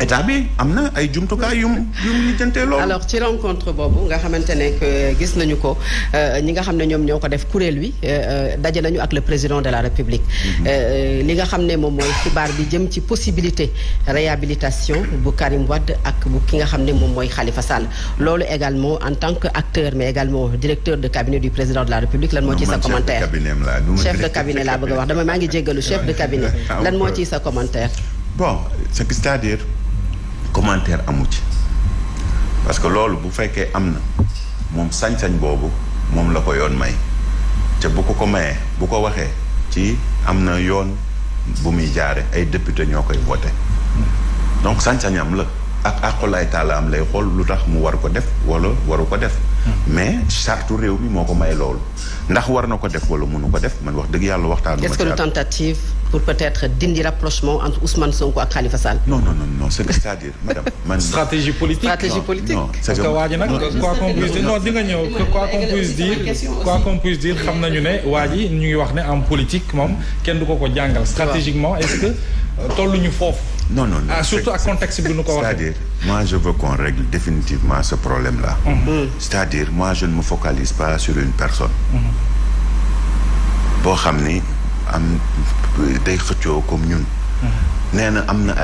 état bi am na ay jumtukaay yu mu yu mu lijjantee loolu. alors ci rencontre boobu nga xamante ne gis nañu ko euh, ñi nga xam ne ñoom ñoo ko def kuréel wi euh, euh, daje nañu ak le président de la république. Mm-hmm. li nga xam ne moom mooy xibaar bi jëm ci possibilité réhabilitation bu Karim Wade ak bu ki nga xam ne moom mooy Khalifa Sall loolu également en tant que acteur mais également directeur de cabinet du président de la république lan moo ci sa commentaire. chef de cabinet laa wax dama maa ngi jéggalu chef de cabinet [laughs] ah, lan moo ci sa commentaire. bon c'est-à-dire. commentaire amu ci parce que loolu bu fekkee am na moom sañ-sañ boobu moom la ko yoon may te bu ko ko mayee bu ko waxee ci am na yoon bu muy jaare ay député ñoo koy voté donc sañ-sañam la ak àqulaay taalaam lay xool lu tax mu war ko def wala waru ko def hmm. mais sartu réew mi moo ko may loolu ndax war na ko def wala mënu ko def man wax dëgg yàlla waxtaanu est-ce que lu tentative pour peut-être dindi rapprochement entre Ousmane Sonko ak Khalifa Sall non non non non c'est-à-dire [laughs] madame man [laughs] stratégie politique stratégie politique parce que waa ji nag quoi ñëw ne waa ji ñu ngi wax ne en politique moom kenn du ko ko jàngal stratégiquement est-ce que ñu foofu. non non non ah surtout ak contexte bi nu ko waxee. c'est-à-dire moi je veux qu'on règle définitivement ce problème là. Mm-hmm. mm-hmm. c'est-à-dire focalise pas sur une personne. Mm-hmm. boo xam ni am day xëccoo comme ñun. Mm-hmm. nee na am na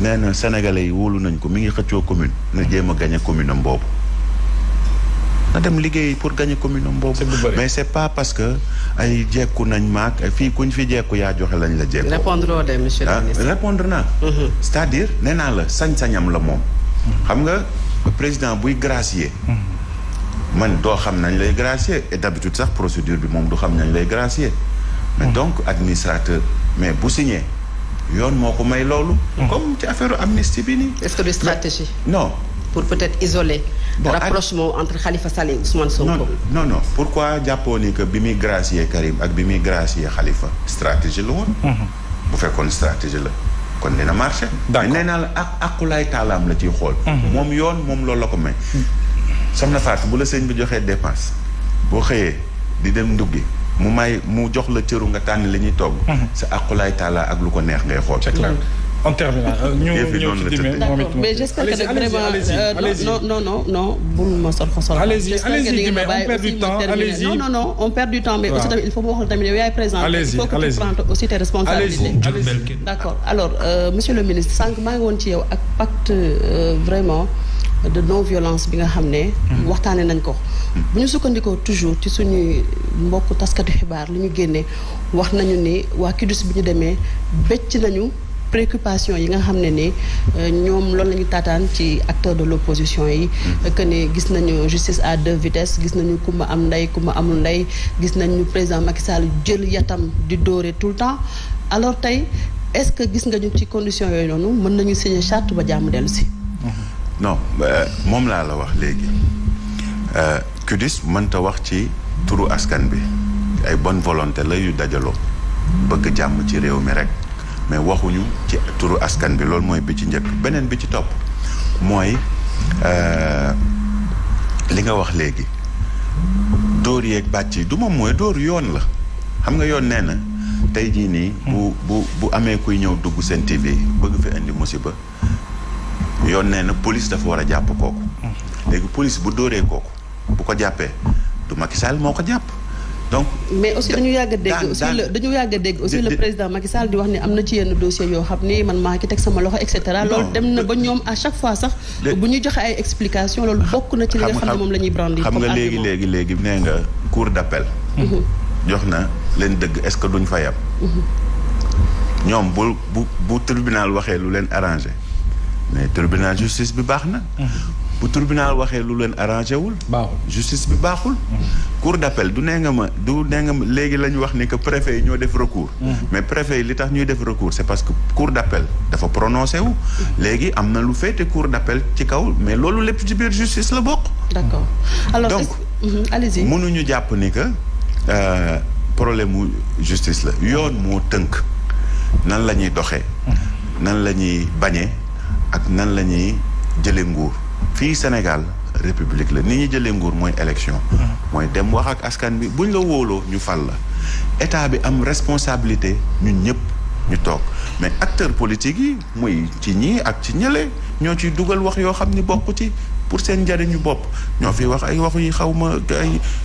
nee na sénégalais yi wóolu nañ ko mi ngi xëccoo commune. na jéem a gagné commune am boobu. na liggéey pour gagner commune am boobu mais c'est pas parce que ay jekku nañ maag fii kuñ fi jekku yaa joxe lañ la jekku répondre de monsieur le ah, ministre répondre naa mhm. cest à nee naa la sañ-sañam la moom mhm. xam nga président buy gracier mhm. man doo xam nañ lay gracier et d'habitude sax procédure bi moom du xam nañ lay gracier mais donc administrateur mais bu signé yoon moo ko may loolu comme ci affaire amnistie bi nii est-ce pour peut-être isoler rapprochement entre Khalifa Sall et Ousmane Sonko. non non pourquoi jàppoo ni que bi muy gracier Karim ak bi muy gracier xalifa stratégie la woon. Mhm. bu fekkoon stratégie la. kon dina marché. d'accord mais naa la ak akulaay taalaam la ciy xool. Mhm. moom yoon moom loolu la ko may. na Fatou bu la sëñ bi joxee dépense boo xëyee di dem nduggi mu may mu jox la cëru nga tànn li ñuy togg. Mhm. sa akulaay taala ak lu ko neex ngay xool. on termine euh, ñu ñëw ci Dime moom it mais j'espère que nag vraiment euh, non non non bul ma soxla soxla. j'espère que di nga ma bàyyi aussi non non non on perd du temps mais aussi tamit il faut ma wax tamit yow yaay présent. il faut que tu prennes aussi tes responsabilités. d'accord alors euh, monsieur le ministre sànq maa ngi woon ci yow ak pacte vraiment de non violence bi nga xam ne. Mhm. waxtaanee nañ ko. Mhm. bu ñu sukkandikoo toujours ci suñuy mbokk taskati xibaar li ñu génne wax nañu ni waa kidus bi ñu demee bëcc nañu. préoccupation yi nga xam ne ne euh, ñoom loolu la ñu taataan ci acteur de l'opposition yi mm-hmm. que ne gis nañu justice à deux vitesses gis nañu ku ma am ndey ku amul ndey gis nañu président Macky Sall jël yatam di dóore tout le temps alors tey est-ce que gis nga ñu ci condition yooyu noonu mën nañu signer charte ba jàmm dellu si mm-hmm. non euh, moom laa la wax léegi CUDIS euh, mënta wax ci turu askan bi ay bonne volonté la yu dajaloo bëgg jàmm ci réew mi rek mais waxuñu ci turu askan bi loolu mooy bi ci njëkk beneen bi ci topp mooy euh, li nga wax léegi dóor yeeg bàcc yi du moom mooy dóor yoon la xam nga yoon nee na tey jii nii bu bu bu amee kuy ñëw dugg seen TV bëgg fi indi musiba yoon nee na police dafa war a jàpp kooku mm-hmm. léegi police bu dóoree kooku bu ko jàppee du Macky Sall moo ko jàpp donc mais aussi dañu yàgg a dégg aussi le yàgg a dégg aussi le président Macky Sall di wax ni am na ci yenn dossier yoo xam ni man maa ki teg sama loxo et cetera dem na ba ñoom à chaque fois sax bu ñu joxe ay explication loolu bokk na ci li nga xam ne moom la ñuy brandi xam nga léegi léegi léegi nee nga cour d'appel mhm. jox na leen dëgg est-ce que duñ fa yam mhm. ñoom bu bu bu tribunal waxee lu leen arrangé mais tribunal justice bi baax na mhm. bu tribunal waxee lu leen arrangé wul. baaxul justice bi baaxul. Mm-hmm. cour d' du nee nga ma du nee nga léegi la ñu wax ni que préfet yi ñoo def recours. Mm-hmm. mais préfet yi li tax ñuy def recours c' parce que cour d' dafa prononcé wu. Mm-hmm. léegi am na lu féete cour d' appel ci kaw mais loolu lépp ci biir justice la bokk. d' accord alors donc allez-y mënuñu jàpp ni que euh, problème mu justice la yoon moo tënk nan la ñuy doxee. nan la ñuy bañee ak nan la ñuy jëlee nguur. fii Sénégal république la ni ñu jëlee nguur mooy élection mooy dem wax ak askan bi buñ la wóoloo ñu fal la état bi am responsabilité ñun ñëpp ñu toog mais acteur politique yi muy ci ñii ak ci ñële ñoo ciy dugal wax yoo xam ni bokk ci pour seen njariñu bopp ñoo fi wax ay waxu yi xaw ma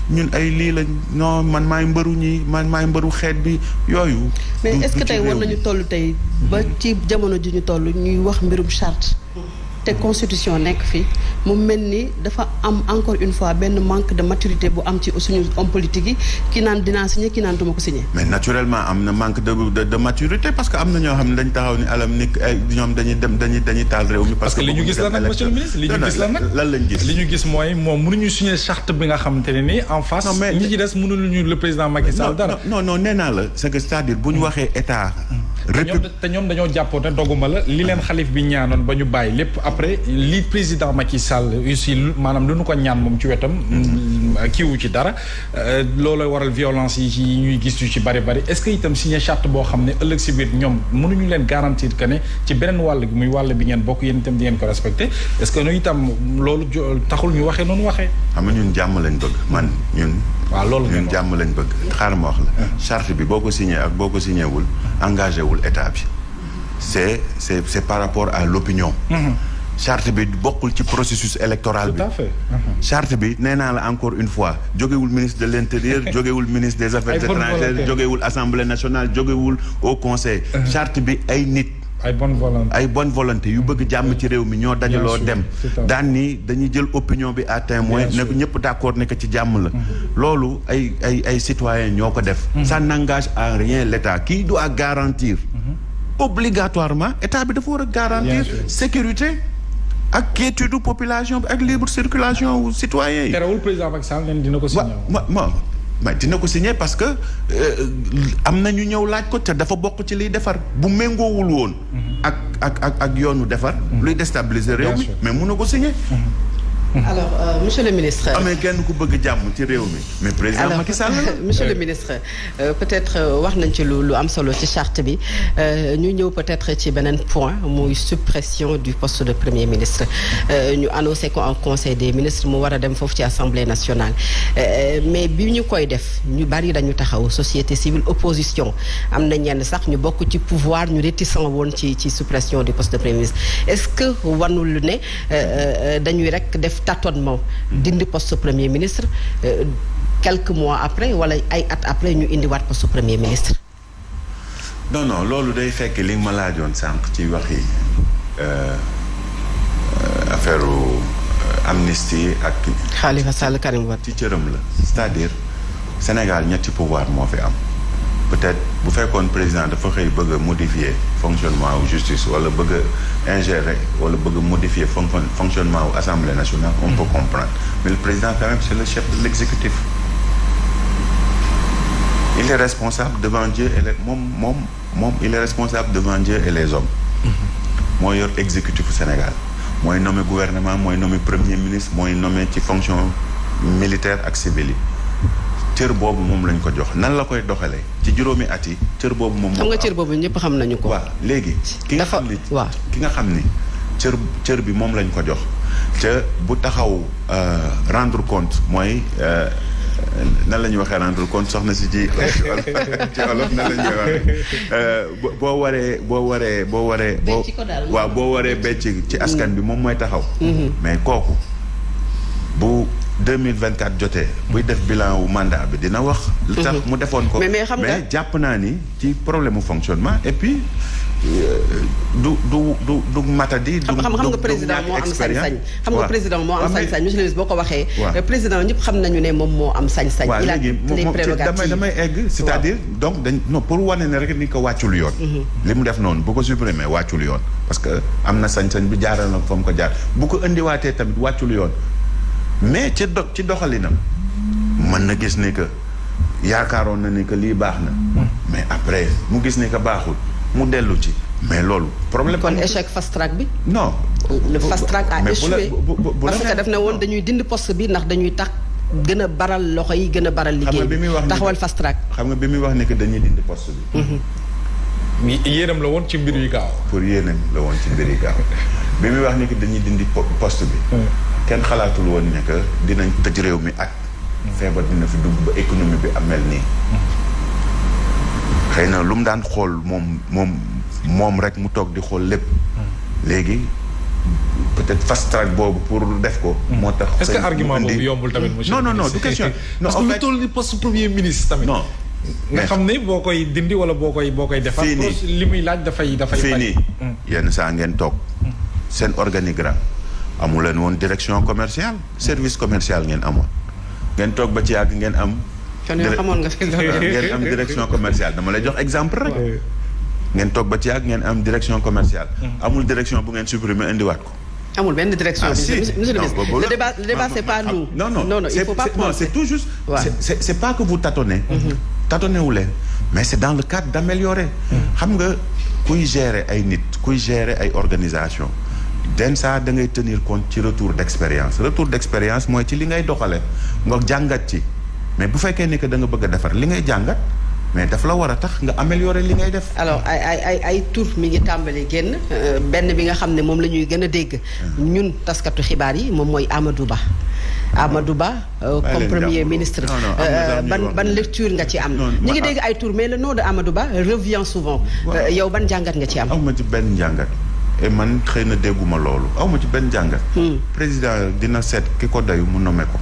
ñun ay lii la ñoo man maay mbëru ñi man maay mbëru xeet bi yooyu. mais est-ce que tey war nañu toll tey ba mm-hmm. ci jamono ji ñu toll ñuy wax mbirum charte. te constitution nekk fi mu mel ni dafa am encore une fois benn manque de maturité bu am ci suñu homme politique yi ki naan dinaa signé ki naan duma ko signé. mais naturellement am na manque de maturité parce que am na ñoo xam ne dañ taxaw ni alam ni ay eh, ñoom taal réew mi. parce que li ñu gis la nag monsieur le ministre gis li ñu gis mooy moom mënuñu signé charte bi nga xamante ne nii en face. non ñi ci des mënuñu le président Macky Sall dara. non non nee naa la c'est que cest bu ñu mm. waxee état. Mm. république ñoom dañoo jàppoon ne doguma la li leen ah. xalif bi ñaanoon ba ñu bàyyi lépp après li président Macky Sall aussi maanaam lu nu ko ñaan moom ci wetam. Mm, kiiwu ci dara euh, looloo waral violence yi ñuy gis yu ci bari bari est-ce que itam signé charte boo xam ne ëllëg si biir ñoom mënuñu leen garantir que ne ci beneen wàll gi muy wàll bi ngeen bokk yéen itam di ngeen ko respecté est-ce que nu itam loolu taxul ñu waxee noonu waxee. xam nga ñun jàmm lañ bëgg man ñun. waaw loolu ñun jàmm lañ bëgg. xaaral ma wax la. Ah. charte bi boo ko signé ak boo ko signé wul engagé wul état bi. c'est c'est c'est par rapport à l'opinion. Mm-hmm. charte bi bokkul ci processus électoral bi tout à fait. Uh-huh. charte bi nee naa la encore une fois jógewul ministre de l' intérieur [laughs] jógewul ministre des affaires étrangères jógewul assemblée nationale jógewul au conseil uh-huh. charte bi ay nit ay bonne volonté ay bonne volonté yu bëgg jàmm ci réew mi ñoo dajaloo dem daan ni dañuy jël opinion bi à témoin ne ñëpp d' accord ci jàmm la uh-huh. loolu ay ay ay citoyens ñoo ko def ça n'engage à rien l' état doit garantir obligatoirement état bi dafa a garantir sécurité ak quiétude population bi ak libre circulation wu citoyen yi. terewul président Macky Sall leen dina ko signé. ma dina ko signé parce que euh, am na ñu ñëw laaj ko te dafa bokk ci liy defar bu méngoowul woon. Mhm. ak ak ak ak yoonu defar. Mhm. luy déstabiliser réew mi mais mun na ko signé. Mhm. [laughs] alors euh, monsieur le ministre. amee ah, kenn ku bëgg jàmm ci réew mi. mais président Macky Sall [laughs] monsieur le ministre euh, peut-être euh, wax nañ ci lu lu am solo ci charte bi euh, ñu ñëw peut-être ci beneen point muy suppression du post de premier ministre. ñu annoncé ko en conseil des ministres mu war a dem foofu ci assemblée nationale mais bi ñu koy def ñu bari dañu taxaw société civile opposition am na ñenn sax ñu bokk ci pouvoir ñu réticent woon ci ci suppression du poste de premier ministre est-ce que wanul ne dañuy rek def. tâtonnement dindi poste premier ministre euh, quelque mois après wala ay at après ñu indiwaat poste premier ministre non non loolu day fekk li nga ma laajoon sànq ci wax yi euh, euh, affaire amnistie ak Khalifa Sall Karim Wade ci cëram la c'est-à-dire Sénégal ñetti pouvoir moo fi am peut-être bu fekkoon président dafa xëy bëgg a modifier fonctionnement wu justice wala bëgg a ingérer wala bëgg modifier fon fonctionnement wu assemblée nationale on peut mm. comprendre mais le président quand c'est le chef de l'exécutif il est responsable devant Dieu et les moom moom moom il est responsable de Dieu et les hommes mm-hmm. moo yor exécutif u Sénégal mooy nommé gouvernement mooy nommé premier ministre mooy nomme ci fonction militaire ak civile cër boobu moom lañ ko jox nan la koy doxalee ci juróomi at yi cër boobu moom. xam nga cër boobu ñëpp xam nañu ko. waaw léegi. ki nga xam ni ki nga xam ni cër cër bi moom lañu ko jox ca bu taxaw euh, rendre compte mooy. Euh, nan la ñuy waxee rendre compte soxna si ci ci olof nan la waxee euh, boo waree boo waree boo waree. boo waaw boo waree becc ci askan bi moom mooy taxaw. Mm-hmm. mais kooku bu deux mille vingt quatre jotee. buy def bilan wu mandat bi dina wax. lu tax mhm. mu defoon ko. mais mais xam nga jàpp naa ni ci problème mu fonctionnement et puis euh, du du du du matadi. du du xam nga président moo am sañ-sañ. xam nga président moo am sañ-sañ monsieur boo ko waxee. président ñëpp xam nañu ne moom moo am sañ-sañ. il a les prérogatives damay damay egg. c'est-à-dire donc dañ pour wane ne rek ni ko wàccul yoon. Mhm. li mu def noonu bu ko supprimer wàccul yoon. parce que am na sañ-sañ bi jaaral na fa mu ko jaar bu ko indiwaatee tamit wàccul yoon. mais ci do ci doxalinam mën na gis ni que yaakaaroon na ni que lii baax na. mais après mu gis ni que baaxul mu dellu ci. mais loolu problème. kon échec fast track bi. non. le fast track a échoué parce que daf ne woon dañuy dindi post bi ndax dañuy tax gën a baral loxo yi gën a baral. liggéey bi taxawal fast track. xam nga bi muy wax ni que dañuy dindi post bi. Mhm. yéenam la woon ci mbir yu gaaw. pour yéenam la woon ci mbir yu gaaw bi muy wax ni que dañuy dindi post bi. kenn xalaatul woon ne que dinañ tëj réew mi at. feebar dina fi dugg ba économie bi am mel nii. xëy na lu mu daan xool moom moom moom rek mu toog di xool lépp. léegi peut-être fast track boobu pour def ko. Hmm. moo tax est-ce que argument boobu yombul tamit monsieur. non non non du question. non parce que lu toll ni poste premier ministre tamit. non nga xam ne boo koy dindi wala boo koy boo koy. defar li muy laaj dafay dafay. fii nii hmm. yenn saa ngeen toog hmm. seen organigramme. amu leen woon direction commerciale service commercial ngeen amoon ngeen toog ba ci yàgg ngeen am. [laughs] ngeen am direction commerciale dama lay jox exemple rek. ngeen toog ba ci yàgg ngeen am direction commerciale. Mm-hmm. amul direction bu ngeen supprimer indiwaat ko. amul benn direction ah, si. monsieur le ministre le débat c'est pas nous. Ah, non non il faut pas penser c'est tout juste. c'est pas que vous tâtonnez. Mm-hmm. tâtonnez wu leen mais c'est dans le cadre d'améliorer. Mm-hmm. xam nga kuy gérer ay nit kuy gérer ay organisation densa da ngay tenir compte ci retour d' expérience retour d' expérience mooy ci li ngay doxale nga jàngat ci mais bu fekkee ni que da nga bëgg defar li ngay jàngat mais daf la war a tax nga améliorer li ngay def. alors ay ay ay ay mi ngi tàmbali génn euh, benn bi nga xam ne moom la ñuy gën a dégg. Hmm. ñun taskatu xibaar yi moom mooy Amadou Ba. Hmm. Amadou Ba euh, comme premier ministre euh, ban ban lecture nga ci am. ñu ngi ah. dégg ay tour mais la nom de Amadou Ba revient souvent. yow ban jàngat nga ci am. aw ma ci benn jàngat. man xëy na dégguma loolu awma ci benn jàngat. Hmm. président dina seet ki ko doy mu nommé ko.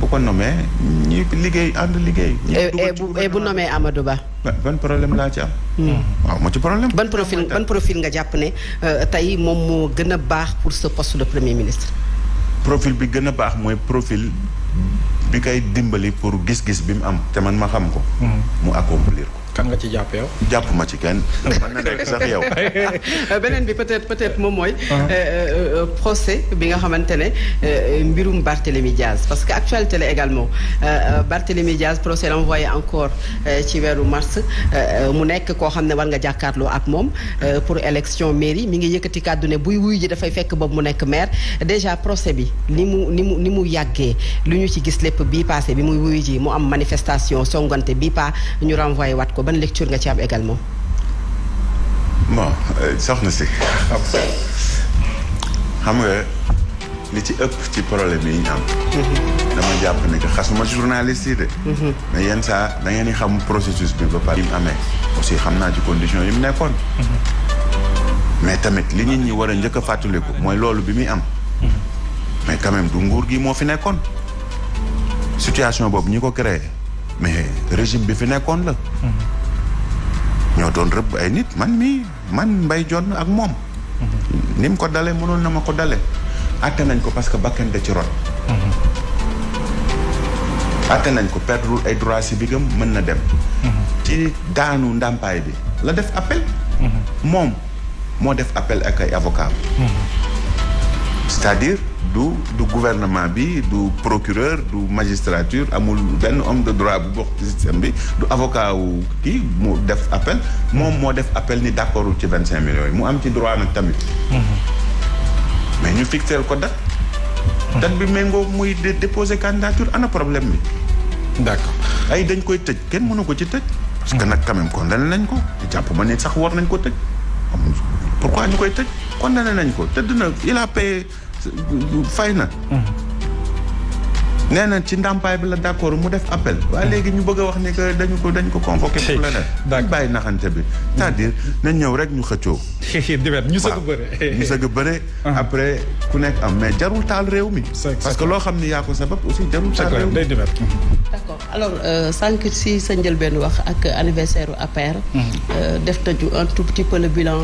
bu ko nommé ñi liggéey ànd liggéey. ñi bu nommé Amadou Ba. ban problème laa ci am. Hmm. waaw moo ci problème. ban profil ban profil nga jàpp ne euh, tey moom moo gën a baax pour ce poste de premier ministre. profil bi gën a baax mooy profil bi koy dimbali pour gis-gis bi mu am te man ma xam ko. Hmm. mu accomplir ko. kan nga ci jàpp yow. jàpp ma ci kenn [laughs] mën [laughs] beneen bi peut-être peut-être moom mooy. Ah. Euh, euh, euh, procès bi nga xamante ne mbirum Barthélémy Diaz parce que actualité la également Barthélémy Diaz procès l'envoyé encore ci weeru mars mu nekk koo xam ne war nga jàkkaarloo ak moom pour élection mairie mi ngi yëkkati kàddu ne buy wuy ji dafay fekk boobu mu nekk maire déjà procès bi ni mu ni mu ni mu yàggee lu ñu ci gis lépp bi passé bi muy wuy ji mu am manifestation songante bi pas ñu renvoyé waat ko. ban lecture nga ci am également. bon euh, soxna si xam nga li ci ëpp ci problème yi ñu am. Mhm. dama jàpp ni que xasuma ci journaliste yi de. Mhm. mais yenn saa da ngeen di xam processus bi ba pare. yi mu amee aussi xam naa ci condition yi mu nekkoon. Mhm. mais tamit li nit ñi war a njëkk a fàttaliku mooy loolu bi muy am. mais quand du nguur gi moo fi nekkoon. situation boobu ñi ko créé mais régime bi fi nekkoon la. ñoo doon rëbb ay nit man mii man mbay jonn ak moom mhm. ni mu ko dale mënoon na ma ko dale atte nañ ko parce que bakkan da ci ron mhm. atte nañ ko perdre ay droit si bigam mën na dem mhm. ci daanu ndàmpaay bi la def appel moom moo def appel ak ay avocat du du gouvernement bi du procureur du magistrature amul benn homme de droit bu bokk ci système bi du avocat wu kii mu def appel moom moo def appel ni d'accordul ci vingt cinq millions yi mu am ci droit nag tamit mm-hmm. mais ñu fixeel ko date date bi méngoo muy déposer candidature ana problème bi d'accord ay dañ koy tëj kenn mënu ko ci tëj parce que nag quand même condamné ko jàpp ma ne sax war nañ ko tëj pourquoi ñu koy tëj condamné nañ ko tëdd na il a payé fay na. Mm-hmm. nee na ci ndàmpaay bi la d' mu def appel. waaye mm-hmm. léegi ñu bëgg a wax ni que dañu ko dañu ko convoqué. pour la nekk bàyyi naxante bi. Mm-hmm. c' est à dire nañ ñëw rek ñu xëccoo. [laughs] diwet ñu sëgg bëre. ñu uh-huh. après ku nekk am mais jarul taal réew mi. parce que loo xam ni yaa ko sabab aussi jarul taal réew mi. d'accord alors euh, sànq si sa njëlbeen wax ak anniversaire u APR. Mhm. Euh, def nañu un tout petit peu le bilan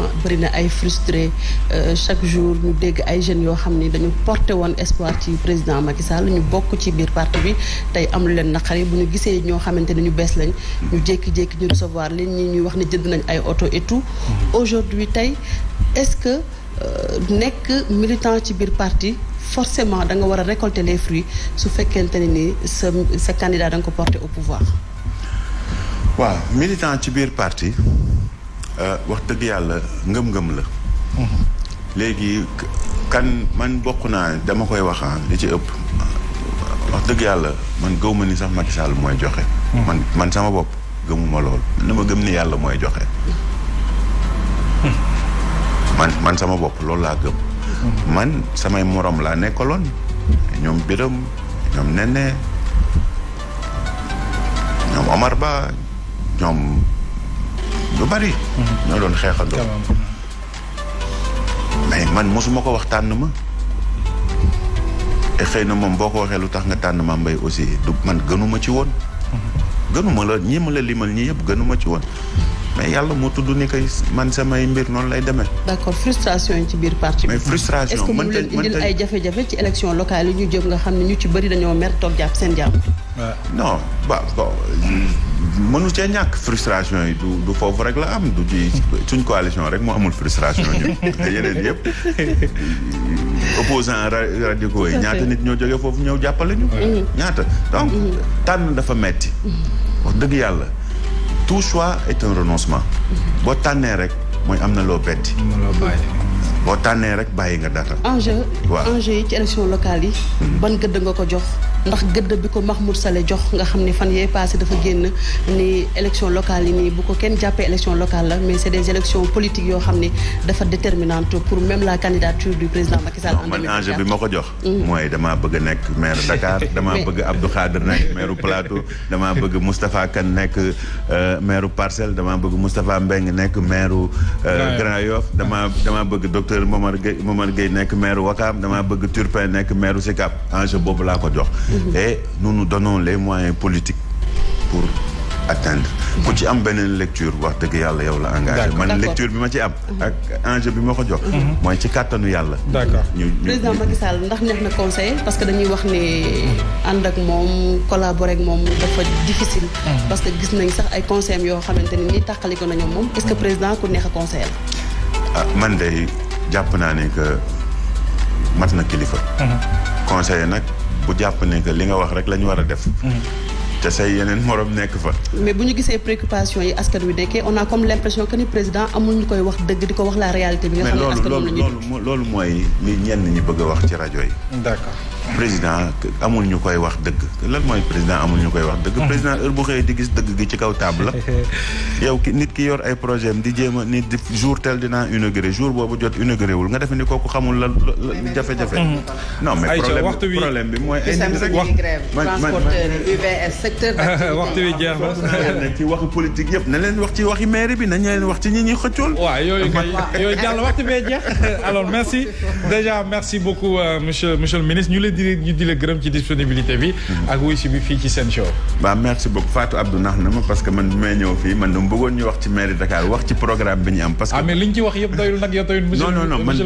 na ay frustré euh, chaque jour ñu dégg ay jeunes yoo xam ni dañu porté woon espoir ci président Macky Sall ñu bokk ci biir parti bi tey am lu leen naqari bu ñu gisee ñoo xamante ne ñu bees lañ. ñu jékki-jékki ñu recevoir leen ñi ñuy wax ne jënd nañ ay oto et tout. Mhm. aujourd'hui tey est-ce que nekk militant ci biir parti. forcément da nga war a récolter les fruits su fekkee ne nii sa sa danga ko porter au pouvoir. waaw militant ci biir parti euh, wax dëgg yàlla ngëm-ngëm la. Mhm. léegi kan man bokk naa dama koy wax ah, li ci ëpp. wax dëgg yàlla man gëw ma ni sax Macky mooy joxe. Mhm. man sama bopp gëmuma lool li ma gëm ni yàlla mooy joxe. Mhm. man man sama bopp loolu laa gëm. man samay morom laa nekkaloon ñoom Biram ñoom Nene ñoom Omar Ba ñoom ñu bari mm-hmm. ñoo doon xeexandoo mais man mosuma ko wax tànn ma te xëy na moom boo ko waxee lu tax nga tànn ma mbay aussi du man gënuma ci woon mm-hmm. gënuma la ñi ma la limal ñi yëpp gënuma ci woon mais yàlla moo tudd ni kay man samay mbir noonu lay demee. d'accord frustration yi ci biir parti bi. mais frustration mënta est-ce que mu ay jafe-jafe ci élection locale yi ñu jëm nga xam ne ñu ci bëri dañoo mer toog jàpp seen jàpp. non ba bon mënu cee ñàkk frustration yi du foofu rek la am du ci suñ coalition rek moo amul frustration ñun [laughs] yeneen yëpp opposant radicaux yi ñaata nit ñoo jógee foofu ñëw jàppale ñu. ñaata donc mm-hmm. tànn dafa metti mm-hmm. wax dëgg yàlla. tout choix est un renoncement. boo tànnee rek mooy am na loo betti. boo tànnee rek bàyyi nga dara. enjeu enjeu yi ci élection locale yi. Mm-hmm. ban gëdd nga ko jox. ndax gëdd bi ko Mahmoud Saleh jox nga xam ne fan yee passé dafa génn nii élection locale yi nii bu ko kenn jàppee élection locale la mais c'est des élections politiques yoo xam ni dafa déterminante pour même la candidature du président Macky Sall. man enjeu bi ma ko jox. Mhm. mooy damaa bëgg nekk maire Dakar [laughs] damaa bëgg Abdou Khader nekk maire Plateau damaa bëgg Moustapha Kane nekk euh, maire Parcelles damaa bëgg Moustapha Mbeng nekk maire euh, Grand Yoff damaa damaa bëgg docteur Momar Gueye Momar Gueye nekk maire Wakam damaa bëgg Turpin nekk maire Sicap enjeu boobu laa ko jox. Mhm. et nous nous donnons les politique politiques pour atteindre mhm. ku ci am beneen lecture wax dëgg yàlla yow la engagé man lecture bi ma ci am mhm. ak enjeu bi ma ko jox mooy ci kàttanu yàlla ñu président Macky Sall ndax neex na conseil parce que dañuy wax ne ànd ak moom collaborer ak moom dafa difficile parce que gis nañ sax ay conseil yoo xamante ne ni tàqaliko na ñoom moom est-ce que président ku neex a conseil ah man de jàpp naa ne que mat na kilifa conseil nag ku jàpp ne que li nga wax rek la ñu war a def. te say yeneen morom nekk fa. mais bu ñu gisee préoccupation yi askan wi nekkee on a comme l' impression que ni président amul ñu koy wax dëgg di ko wax la réalité bi nga xam ne askan wi ñu mais loolu mooy li ñi bëgg a wax ci rajo yi. président amul ñu koy wax dëgg lan mooy président amul ñu koy wax dëgg président heure bu xëyee di gis dëgg gi ci kaw table la [laughs] yow ki nit ki yor ay projet am di jéem a ni jour tel dinaa inauguré jour boobu jot inauguré wul nga defe ni kooku xamul la jafe-jafe mm-hmm. non mais problème problème bi mooy ay nit rek wax transporteur UVS secteur [laughs] waxtu wi jeex na ci waxu politique yëpp na leen wax ci waxi maire bi nañ leen wax ci ñi ñuy xëccool waaw yooyu kay yooyu jàll waxtu bee jeex [laughs] alors merci déjà merci beaucoup euh, monsieur monsieur le ministre di ñu di la gërëm ci disponibilité bi. ak wuy bi fii ci seen show. waaw merci beaucoup Fatou Abdou nax na ma parce que man bi may ñëw fii man dama bëggoon ñu wax ci mairie Dakar wax ci programme bi ñu am. parce que ah mais liñ ci wax yëpp doyul nag yow tamit. monsieur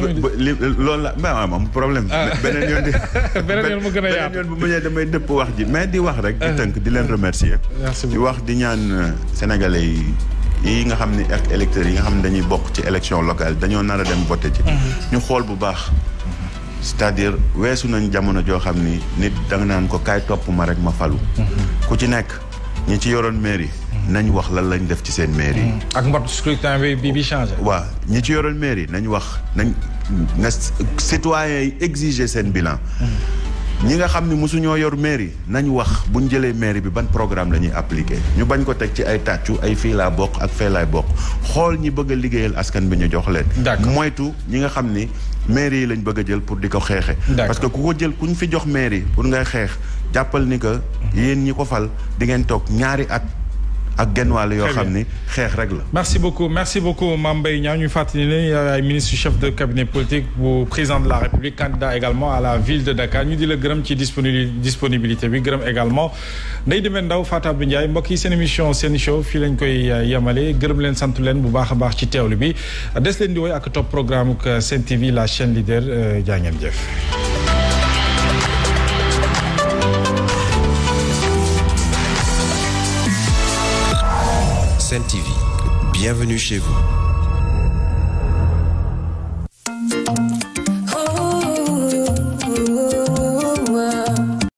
yoon di [laughs] beneen mu gën mu ñëwee damay dëpp wax ji mais di wax rek. di ah. tënk di leen remercier. di wax di ñaan euh, sénégalais yi. yi nga xam ni ak électeurs yi nga xam ne dañuy bokk ci élection locale dañoo nar a dem voté ci mm-hmm. ñu xool bu baax cest à weesu nañ jamono joo xam ni nit danga naan ko kaay topp ma rek ma falu. Mhm. ku ci nekk ñi ci yoroon mairie. Mhm. nañ wax lan lañ def ci seen mairie. Mhm. ak mbot scrutin bi bi changé. waa ñi ci yoroon mairie nañ wax nañ na citoyens yi exiger seen bilan. ñi nga xam ne mosuñoo yor mairie nañ wax buñ jëlee mairie bi ban programme la ñuy appliqué ñu bañ ko teg ci ay tàccu ay fii bokk ak fee laay bokk xool ñi bëgg a liggéeyal askan bi ñu jox leen moytu ñi nga xam ni mairie yi lañ bëgg a jël pour di ko xeexe parce que ku ko jël kuñ fi jox mairie pour ngay xeex jàppal ni que yéen ñi ko fal di ngeen toog ñaari at ak genn wàll yoo xam ni xeex rek la. merci beaucoup merci beaucoup Mame Mbaye Niang ñu fàttali ne euh, ay ministre chef de cabinet politique bu président de la République candidat également à la ville de Dakar ñu di la gërëm ci disponibilité bi gërëm également Ndeye Deme Ndaw Fatou bi Ndiaye mbokk yi seen émission seen show fii lañ koy euh, yemale gërëm leen sant leen bu baax a baax ci teewlu bi des leen di woy ak topp programme Sen TV la chaîne leader euh, jaa ngeen jëf. Sen TV. Bienvenue chez vous.